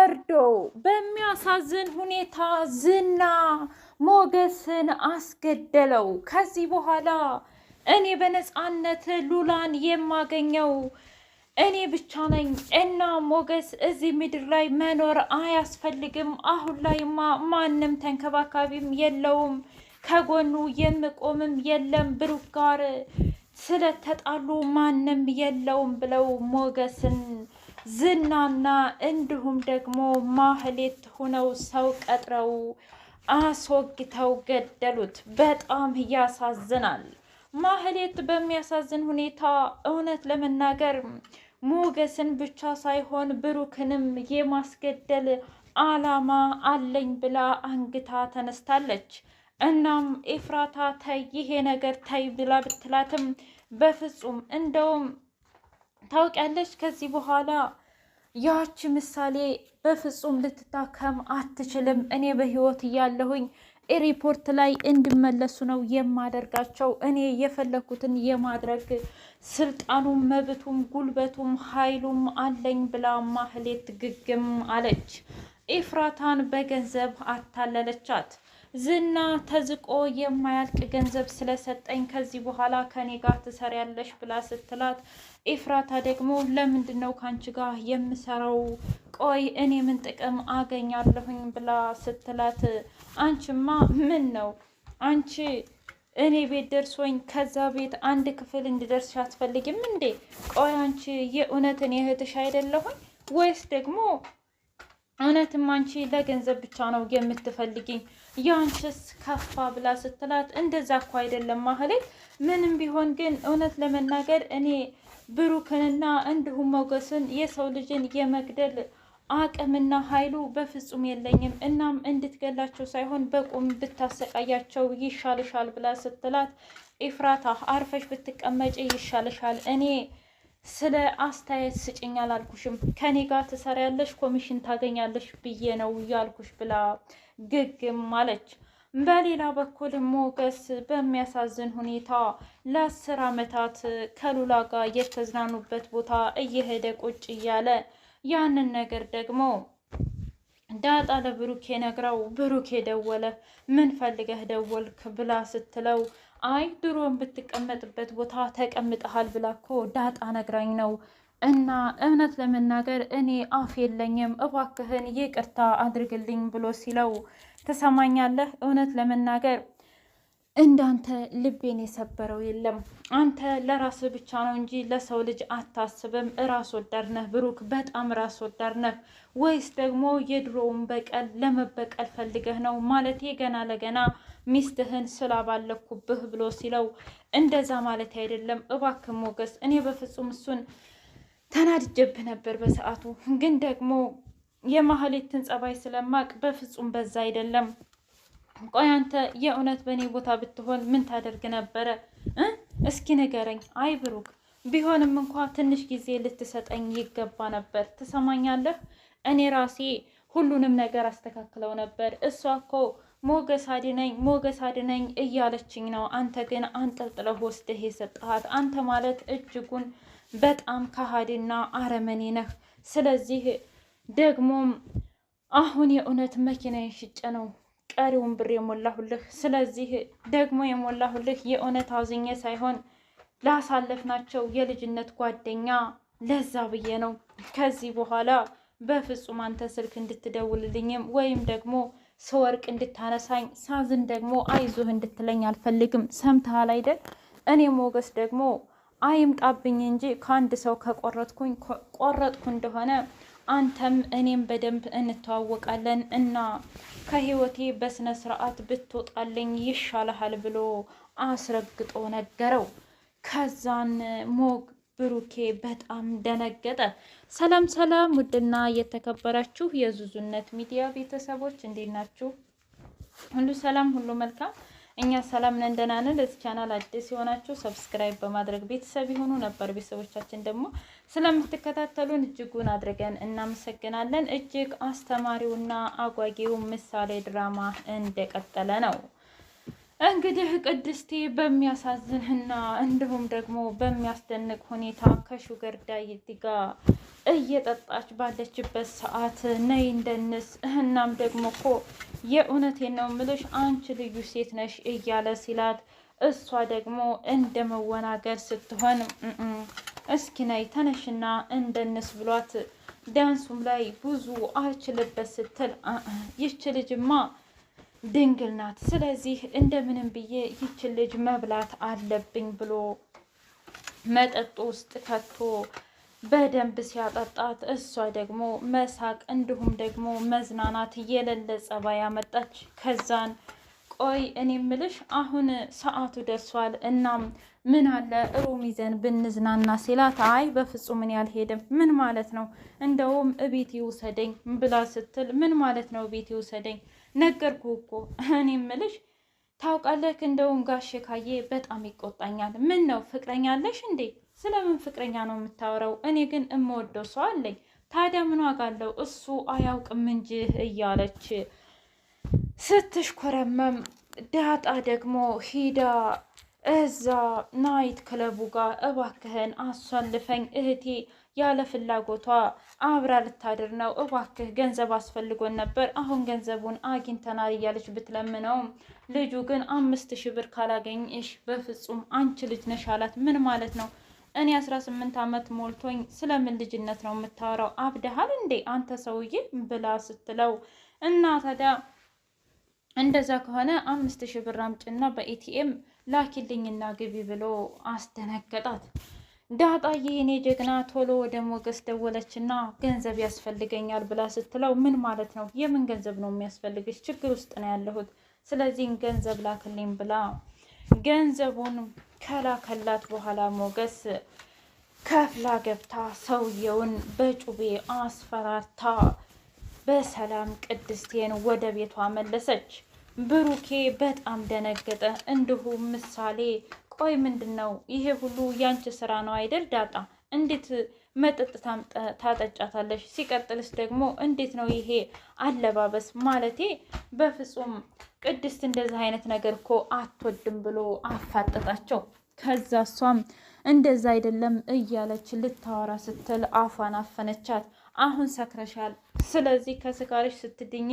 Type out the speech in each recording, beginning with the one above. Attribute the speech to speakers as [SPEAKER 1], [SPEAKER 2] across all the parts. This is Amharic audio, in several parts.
[SPEAKER 1] ወርዶ በሚያሳዝን ሁኔታ ዝና ሞገስን አስገደለው። ከዚህ በኋላ እኔ በነፃነት ሉላን የማገኘው እኔ ብቻ ነኝ እና ሞገስ እዚህ ምድር ላይ መኖር አያስፈልግም። አሁን ላይማ ማንም ተንከባካቢም የለውም፣ ከጎኑ የምቆምም የለም። ብሩክ ጋር ስለተጣሉ ማንም የለውም ብለው ሞገስን ዝናና እንዲሁም ደግሞ ማህሌት ሆነው ሰው ቀጥረው አስወግተው ገደሉት። በጣም ያሳዝናል። ማህሌት በሚያሳዝን ሁኔታ እውነት ለመናገር ሞገስን ብቻ ሳይሆን ብሩክንም የማስገደል አላማ አለኝ ብላ አንግታ ተነስታለች። እናም ኤፍራታ ተይ፣ ይሄ ነገር ተይ ብላ ብትላትም በፍጹም እንደውም ታውቂያለሽ፣ ከዚህ በኋላ ያቺ ምሳሌ በፍጹም ልትታከም አትችልም። እኔ በህይወት እያለሁኝ ሪፖርት ላይ እንድመለሱ ነው የማደርጋቸው። እኔ የፈለኩትን የማድረግ ስልጣኑም፣ መብቱም፣ ጉልበቱም ኃይሉም አለኝ ብላ ማህሌት ግግም አለች። ኤፍራታን በገንዘብ አታለለቻት። ዝና ተዝቆ የማያልቅ ገንዘብ ስለሰጠኝ ከዚህ በኋላ ከኔ ጋር ትሰሪያለሽ ብላ ስትላት፣ ኤፍራታ ደግሞ ለምንድን ነው ከአንቺ ጋር የምሰራው? ቆይ እኔ ምን ጥቅም አገኛለሁኝ? ብላ ስትላት፣ አንቺማ ምን ነው አንቺ እኔ ቤት ደርሶኝ ከዛ ቤት አንድ ክፍል እንድደርስሽ አትፈልጊም እንዴ? ቆይ አንቺ የእውነትን እህትሽ አይደለሁኝ ወይስ ደግሞ እውነትም አንቺ ለገንዘብ ብቻ ነው የምትፈልጊኝ ያንቺስ ከፋ ብላ ስትላት እንደዛ እኮ አይደለም ማህሌት፣ ምንም ቢሆን ግን እውነት ለመናገር እኔ ብሩክንና እንዲሁም ሞገስን የሰው ልጅን የመግደል አቅምና ኃይሉ በፍጹም የለኝም። እናም እንድትገላቸው ሳይሆን በቁም ብታሰቃያቸው ይሻልሻል ብላ ስትላት፣ ኢፍራታ አርፈሽ ብትቀመጪ ይሻልሻል እኔ ስለ አስተያየት ስጭኝ አላልኩሽም? ከኔ ጋር ትሰሪያለሽ ኮሚሽን ታገኛለሽ ብዬ ነው ያልኩሽ ብላ ግግም አለች። በሌላ በኩል ሞገስ በሚያሳዝን ሁኔታ ለአስር ዓመታት ከሉላ ጋር የተዝናኑበት ቦታ እየሄደ ቁጭ እያለ ያንን ነገር ደግሞ ዳጣ ለብሩኬ ነግራው ብሩኬ ደወለ። ምን ፈልገህ ደወልክ ብላ ስትለው አይ ድሮ የምትቀመጥበት ቦታ ተቀምጠሃል ብላ እኮ ዳጣ ነግራኝ ነው እና እውነት ለመናገር እኔ አፍ የለኝም፣ እባክህን ይቅርታ አድርግልኝ ብሎ ሲለው ትሰማኛለህ፣ እውነት ለመናገር እንዳንተ ልቤን የሰበረው የለም። አንተ ለራስ ብቻ ነው እንጂ ለሰው ልጅ አታስብም። እራስ ወዳድ ነህ ብሩክ፣ በጣም ራስ ወዳድ ነህ። ወይስ ደግሞ የድሮውን በቀል ለመበቀል ፈልገህ ነው? ማለቴ ገና ለገና ሚስትህን ስላባለኩብህ ብሎ ሲለው እንደዛ ማለት አይደለም። እባክህ ሞገስ፣ እኔ በፍጹም እሱን ተናድጄብህ ነበር በሰዓቱ፣ ግን ደግሞ የማህሌትን ጸባይ ስለማቅ በፍጹም በዛ አይደለም ቆይ አንተ የእውነት በእኔ ቦታ ብትሆን ምን ታደርግ ነበረ? እስኪ ንገረኝ። አይ ብሩክ፣ ቢሆንም እንኳ ትንሽ ጊዜ ልትሰጠኝ ይገባ ነበር። ትሰማኛለህ? እኔ ራሴ ሁሉንም ነገር አስተካክለው ነበር። እሷ እኮ ሞገስ አድነኝ፣ ሞገስ አድነኝ እያለችኝ ነው። አንተ ግን አንጠልጥለህ ወስደህ የሰጠሃት አንተ ማለት እጅጉን በጣም ከሃዲና አረመኔ ነህ። ስለዚህ ደግሞም አሁን የእውነት መኪና የሽጨ ነው ቀሪውን ብር የሞላሁልህ። ስለዚህ ደግሞ የሞላሁልህ የእውነት አዝኜ ሳይሆን ላሳለፍናቸው የልጅነት ጓደኛ ለዛ ብዬ ነው። ከዚህ በኋላ በፍጹም አንተ ስልክ እንድትደውልልኝም ወይም ደግሞ ስወርቅ እንድታነሳኝ ሳዝን ደግሞ አይዞህ እንድትለኝ አልፈልግም። ሰምተሃል አይደል? እኔ ሞገስ ደግሞ አይምጣብኝ እንጂ ከአንድ ሰው ከቆረጥኩኝ ቆረጥኩ እንደሆነ አንተም እኔም በደንብ እንተዋወቃለን እና ከህይወቴ በስነ ስርዓት ብትወጣልኝ ይሻልሃል ብሎ አስረግጦ ነገረው። ከዛን ሞግ ብሩኬ በጣም ደነገጠ። ሰላም ሰላም! ውድና የተከበራችሁ የዙዙነት ሚዲያ ቤተሰቦች እንዴት ናችሁ? ሁሉ ሰላም፣ ሁሉ መልካም እኛ ሰላም ነን፣ ደህና ነን። ለዚህ ቻናል አዲስ የሆናችሁ ሰብስክራይብ በማድረግ ቤተሰብ የሆኑ ነበር ቤተሰቦቻችን ደግሞ ስለምትከታተሉን እጅጉን አድርገን እናመሰግናለን። እጅግ አስተማሪውና አጓጊው ምሳሌ ድራማ እንደቀጠለ ነው። እንግዲህ ቅድስቴ በሚያሳዝንህና እንዲሁም ደግሞ በሚያስደንቅ ሁኔታ ከሹገር ዳይት ጋር እየጠጣች ባለችበት ሰዓት ነይ እንደንስ እህናም ደግሞ እኮ የእውነቴን ነው ምልሽ አንቺ ልዩ ሴት ነሽ እያለ ሲላት፣ እሷ ደግሞ እንደ መወናገር ስትሆን እስኪ ነይ ተነሽና እንደንስ ብሏት ዳንሱም ላይ ብዙ አልችልበት ስትል ይች ልጅማ ድንግል ናት። ስለዚህ እንደምንም ብዬ ይችን ልጅ መብላት አለብኝ ብሎ መጠጡ ውስጥ ከቶ በደንብ ሲያጠጣት እሷ ደግሞ መሳቅ እንዲሁም ደግሞ መዝናናት የሌለ ጸባይ ያመጣች። ከዛን ቆይ እኔ ምልሽ አሁን ሰዓቱ ደርሷል፣ እናም ምን አለ ሩም ይዘን ብንዝናና ሲላት፣ አይ በፍጹም እኔ አልሄድም። ምን ማለት ነው? እንደውም እቤት ይውሰደኝ ብላ ስትል፣ ምን ማለት ነው እቤት ይውሰደኝ ነገርኩ እኮ እኔ እምልሽ ታውቃለህ፣ እንደውም ጋሼ ካዬ በጣም ይቆጣኛል። ምን ነው ፍቅረኛ አለሽ እንዴ? ስለምን ፍቅረኛ ነው የምታወራው? እኔ ግን እምወደው ሰው አለኝ። ታዲያ ምን ዋጋ አለው? እሱ አያውቅም እንጂ እያለች ስትሽኮረመም፣ ዳጣ ደግሞ ሂዳ እዛ ናይት ክለቡ ጋር እባክህን አሳልፈኝ እህቴ ያለ ፍላጎቷ አብራ ልታድር ነው። እባክህ ገንዘብ አስፈልጎን ነበር፣ አሁን ገንዘቡን አግኝተናል እያለች ብትለምነውም ልጁ ግን አምስት ሺህ ብር ካላገኝሽ በፍጹም አንቺ ልጅ ነሽ አላት። ምን ማለት ነው? እኔ አስራ ስምንት ዓመት ሞልቶኝ ስለምን ልጅነት ነው የምታወራው? አብደሃል እንዴ አንተ ሰውዬ ብላ ስትለው እና ታዲያ እንደዛ ከሆነ አምስት ሺህ ብር አምጭና በኤቲኤም ላኪልኝና ግቢ ብሎ አስደነገጣት። ዳጣዬ የኔ ጀግና ቶሎ ወደ ሞገስ ደወለች ገንዘብ ያስፈልገኛል ብላ ስትለው ምን ማለት ነው? የምን ገንዘብ ነው የሚያስፈልግሽ? ችግር ውስጥ ነው ያለሁት፣ ስለዚህም ገንዘብ ላክልኝ ብላ ገንዘቡን ከላከላት በኋላ ሞገስ ከፍላ ገብታ ሰውየውን በጩቤ አስፈራርታ በሰላም ቅድስቴን ወደ ቤቷ መለሰች። ብሩኬ በጣም ደነገጠ። እንዲሁም ምሳሌ ቆይ ምንድን ነው ይሄ ሁሉ ያንቺ ስራ ነው አይደል ዳጣ? እንዴት መጠጥ ታጠጫታለሽ? ሲቀጥልስ ደግሞ እንዴት ነው ይሄ አለባበስ? ማለቴ በፍጹም ቅድስት እንደዚህ አይነት ነገር እኮ አትወድም ብሎ አፋጠጣቸው። ከዛ እሷም እንደዛ አይደለም እያለች ልታወራ ስትል አፏን አፈነቻት። አሁን ሰክረሻል፣ ስለዚህ ከስካርሽ ስትድኝ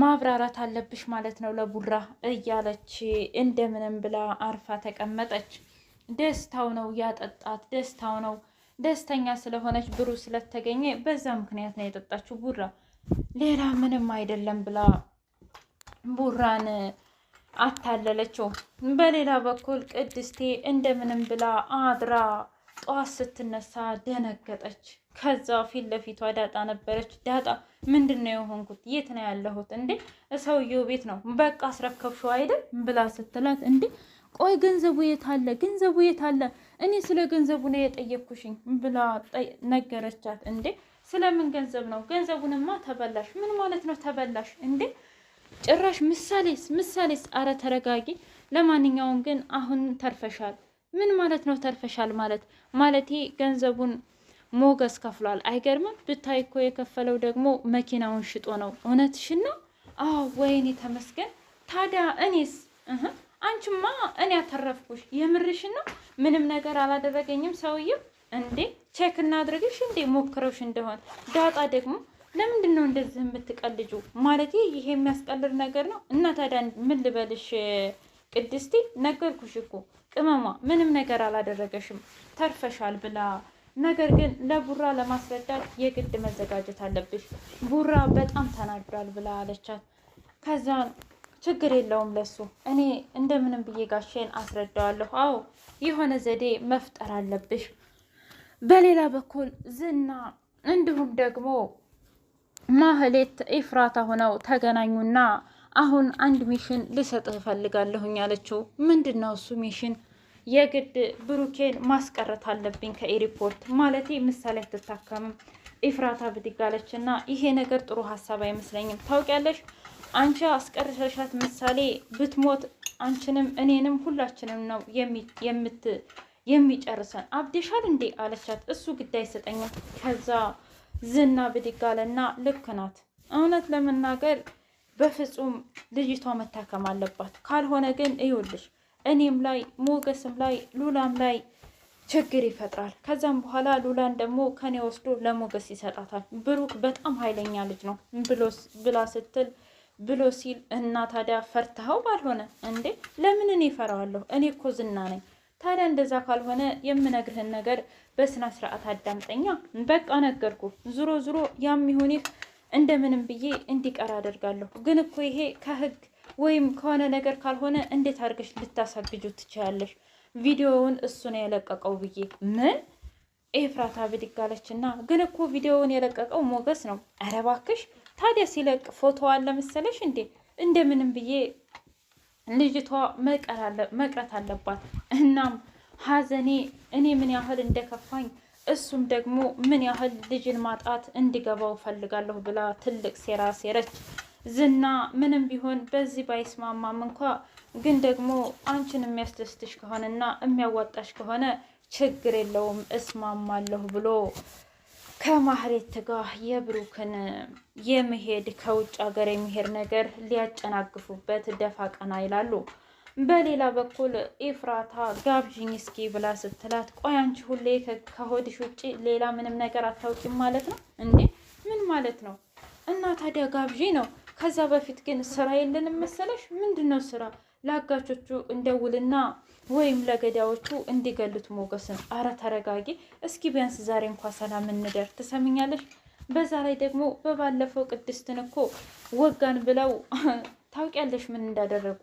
[SPEAKER 1] ማብራራት አለብሽ ማለት ነው ለቡራ እያለች እንደምንም ብላ አርፋ ተቀመጠች። ደስታው ነው ያጠጣት፣ ደስታው ነው ደስተኛ ስለሆነች ብሩ ስለተገኘ በዛ ምክንያት ነው የጠጣችው ቡራ ሌላ ምንም አይደለም ብላ ቡራን አታለለችው። በሌላ በኩል ቅድስቴ እንደምንም ብላ አድራ ጠዋት ስትነሳ ደነገጠች። ከዛ ፊት ለፊቷ ዳጣ ነበረች። ዳጣ ምንድን ነው የሆንኩት? የት ነው ያለሁት? እንዴ ሰውየው ቤት ነው በቃ አስረከብሽው አይደል ብላ ስትላት፣ እንዴ ቆይ ገንዘቡ የት አለ? ገንዘቡ የት አለ? እኔ ስለ ገንዘቡ ነው የጠየኩሽኝ ብላ ነገረቻት። እንዴ ስለምን ገንዘብ ነው? ገንዘቡንማ ተበላሽ። ምን ማለት ነው ተበላሽ? እንዴ ጭራሽ ምሳሌስ ምሳሌስ! አረ ተረጋጊ። ለማንኛውም ግን አሁን ተርፈሻል ምን ማለት ነው? ተርፈሻል ማለት ማለቴ ገንዘቡን ሞገስ ከፍሏል። አይገርምም? ብታይ እኮ የከፈለው ደግሞ መኪናውን ሽጦ ነው። እውነትሽን ነው? አዎ። ወይኔ ተመስገን። ታዲያ እኔስ? አንቺማ እኔ ያተረፍኩሽ። የምርሽን ነው? ምንም ነገር አላደረገኝም ሰውዬው። እንዴ ቼክ እናድርግሽ እንዴ ሞክረውሽ እንደሆን። ዳጣ ደግሞ ለምንድን ነው እንደዚህ የምትቀልጁ? ማለት ይሄ የሚያስቀልድ ነገር ነው። እና ታዲያ ምን ልበልሽ ቅድስቲ ነገርኩሽ እኮ ቅመሟ ምንም ነገር አላደረገሽም ተርፈሻል ብላ ነገር ግን ለቡራ ለማስረዳት የግድ መዘጋጀት አለብሽ፣ ቡራ በጣም ተናዷል ብላ አለቻት። ከዛን ችግር የለውም ለሱ እኔ እንደምንም ብዬ ጋሼን አስረዳዋለሁ። አዎ የሆነ ዘዴ መፍጠር አለብሽ። በሌላ በኩል ዝና እንዲሁም ደግሞ ማህሌት ኢፍራታ ሆነው ተገናኙና አሁን አንድ ሚሽን ልሰጥህ እፈልጋለሁኝ አለችው። ምንድን ነው እሱ ሚሽን? የግድ ብሩኬን ማስቀረት አለብኝ ከኤሪፖርት ማለቴ ምሳሌ አትታከምም። ኢፍራታ ብድግ አለች እና ይሄ ነገር ጥሩ ሀሳብ አይመስለኝም። ታውቂያለሽ አንቺ አስቀርሻሻት ምሳሌ ብትሞት አንቺንም እኔንም ሁላችንም ነው የምት የሚጨርሰን አብዴሻል እንዴ አለቻት። እሱ ግዳይ አይሰጠኝም ከዛ ዝና ብድግ አለና ልክ ናት እውነት ለመናገር በፍጹም ልጅቷ መታከም አለባት። ካልሆነ ግን እዩልሽ እኔም ላይ ሞገስም ላይ ሉላም ላይ ችግር ይፈጥራል። ከዛም በኋላ ሉላን ደግሞ ከኔ ወስዶ ለሞገስ ይሰጣታል። ብሩክ በጣም ኃይለኛ ልጅ ነው ብላ ስትል ብሎ ሲል እና ታዲያ ፈርተኸው ባልሆነ እንዴ ለምን እኔ እፈራዋለሁ? እኔ እኮ ዝና ነኝ። ታዲያ እንደዛ ካልሆነ የምነግርህን ነገር በስነ ስርዓት አዳምጠኛ። በቃ ነገርኩ። ዝሮ ዝሮ ያም እንደምንም ብዬ እንዲቀር አደርጋለሁ። ግን እኮ ይሄ ከህግ ወይም ከሆነ ነገር ካልሆነ እንዴት አድርገሽ ልታሳግጁ ትችላለሽ? ቪዲዮውን እሱ ነው የለቀቀው ብዬ ምን ኤፍራታ ብድግ አለች እና ግን እኮ ቪዲዮውን የለቀቀው ሞገስ ነው። ኧረ እባክሽ ታዲያ ሲለቅ ፎቶ አለ መሰለሽ እንዴ? እንደምንም ብዬ ልጅቷ መቅረት አለባት። እናም ሀዘኔ እኔ ምን ያህል እንደከፋኝ እሱም ደግሞ ምን ያህል ልጅን ማጣት እንዲገባው ፈልጋለሁ ብላ ትልቅ ሴራ ሴረች። ዝና ምንም ቢሆን በዚህ ባይስማማም እንኳ ግን ደግሞ አንቺን የሚያስደስትሽ ከሆነና የሚያዋጣሽ ከሆነ ችግር የለውም እስማማለሁ ብሎ ከማህሌት ጋር የብሩክን የመሄድ ከውጭ ሀገር የሚሄድ ነገር ሊያጨናግፉበት ደፋ ቀና ይላሉ። በሌላ በኩል ኤፍራታ ጋብዥኝ እስኪ ብላ ስትላት፣ ቆይ አንቺ ሁሌ ከሆድሽ ውጭ ሌላ ምንም ነገር አታውቂም ማለት ነው እንዴ? ምን ማለት ነው? እና ታዲያ ጋብዥ ነው። ከዛ በፊት ግን ስራ የለንም መሰለሽ? ምንድን ነው ስራ? ለአጋቾቹ እንደውልና ወይም ለገዳዮቹ እንዲገሉት ሞገስን። አረ ተረጋጊ እስኪ ቢያንስ ዛሬ እንኳ ሰላም እንደር። ትሰምኛለሽ? በዛ ላይ ደግሞ በባለፈው ቅድስትን እኮ ወጋን ብለው ታውቂያለሽ ምን እንዳደረጉ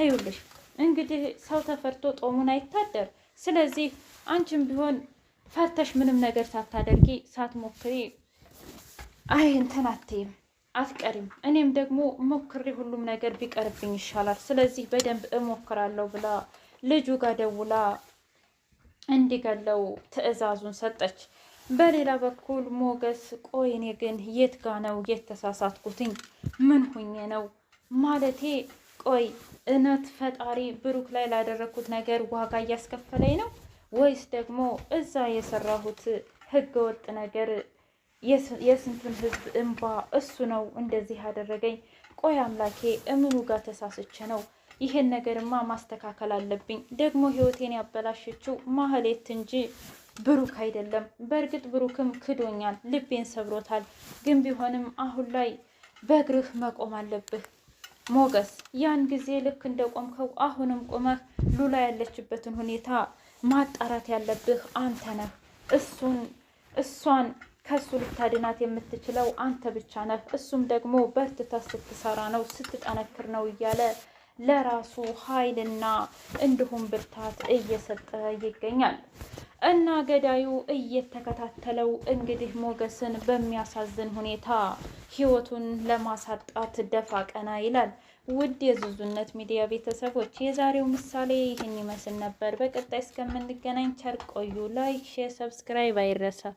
[SPEAKER 1] አይውልሽ እንግዲህ ሰው ተፈርቶ ጦሙን አይታደር። ስለዚህ አንቺም ቢሆን ፈርተሽ ምንም ነገር ሳታደርጊ ሳትሞክሪ አይ እንትን አትይም አትቀሪም። እኔም ደግሞ ሞክሬ ሁሉም ነገር ቢቀርብኝ ይሻላል። ስለዚህ በደንብ እሞክራለሁ ብላ ልጁ ጋር ደውላ እንዲገለው ትዕዛዙን ሰጠች። በሌላ በኩል ሞገስ ቆይ እኔ ግን የት ጋ ነው የተሳሳትኩትኝ? ምን ሁኜ ነው ማለቴ ቆይ እውነት ፈጣሪ ብሩክ ላይ ላደረግኩት ነገር ዋጋ እያስከፈለኝ ነው ወይስ ደግሞ እዛ የሰራሁት ህገወጥ ነገር የስንቱን ህዝብ እንባ እሱ ነው እንደዚህ ያደረገኝ? ቆይ አምላኬ እምኑ ጋር ተሳስቼ ነው? ይህን ነገርማ ማስተካከል አለብኝ። ደግሞ ህይወቴን ያበላሸችው ማህሌት እንጂ ብሩክ አይደለም። በእርግጥ ብሩክም ክዶኛል፣ ልቤን ሰብሮታል። ግን ቢሆንም አሁን ላይ በእግርህ መቆም አለብህ። ሞገስ ያን ጊዜ ልክ እንደ ቆምከው አሁንም ቁመህ ሉላ ያለችበትን ሁኔታ ማጣራት ያለብህ አንተ ነህ። እሱን እሷን ከሱ ልታድናት የምትችለው አንተ ብቻ ነህ። እሱም ደግሞ በርትተህ ስትሰራ ነው ስትጠነክር ነው እያለ ለራሱ ኃይልና እንዲሁም ብርታት እየሰጠ ይገኛል። እና ገዳዩ እየተከታተለው እንግዲህ ሞገስን በሚያሳዝን ሁኔታ ህይወቱን ለማሳጣት ደፋ ቀና ይላል። ውድ የዙዙነት ሚዲያ ቤተሰቦች የዛሬው ምሳሌ ይህን ይመስል ነበር። በቀጣይ እስከምንገናኝ ቸር ቆዩ። ላይክ፣ ሼር፣ ሰብስክራይብ አይረሳ።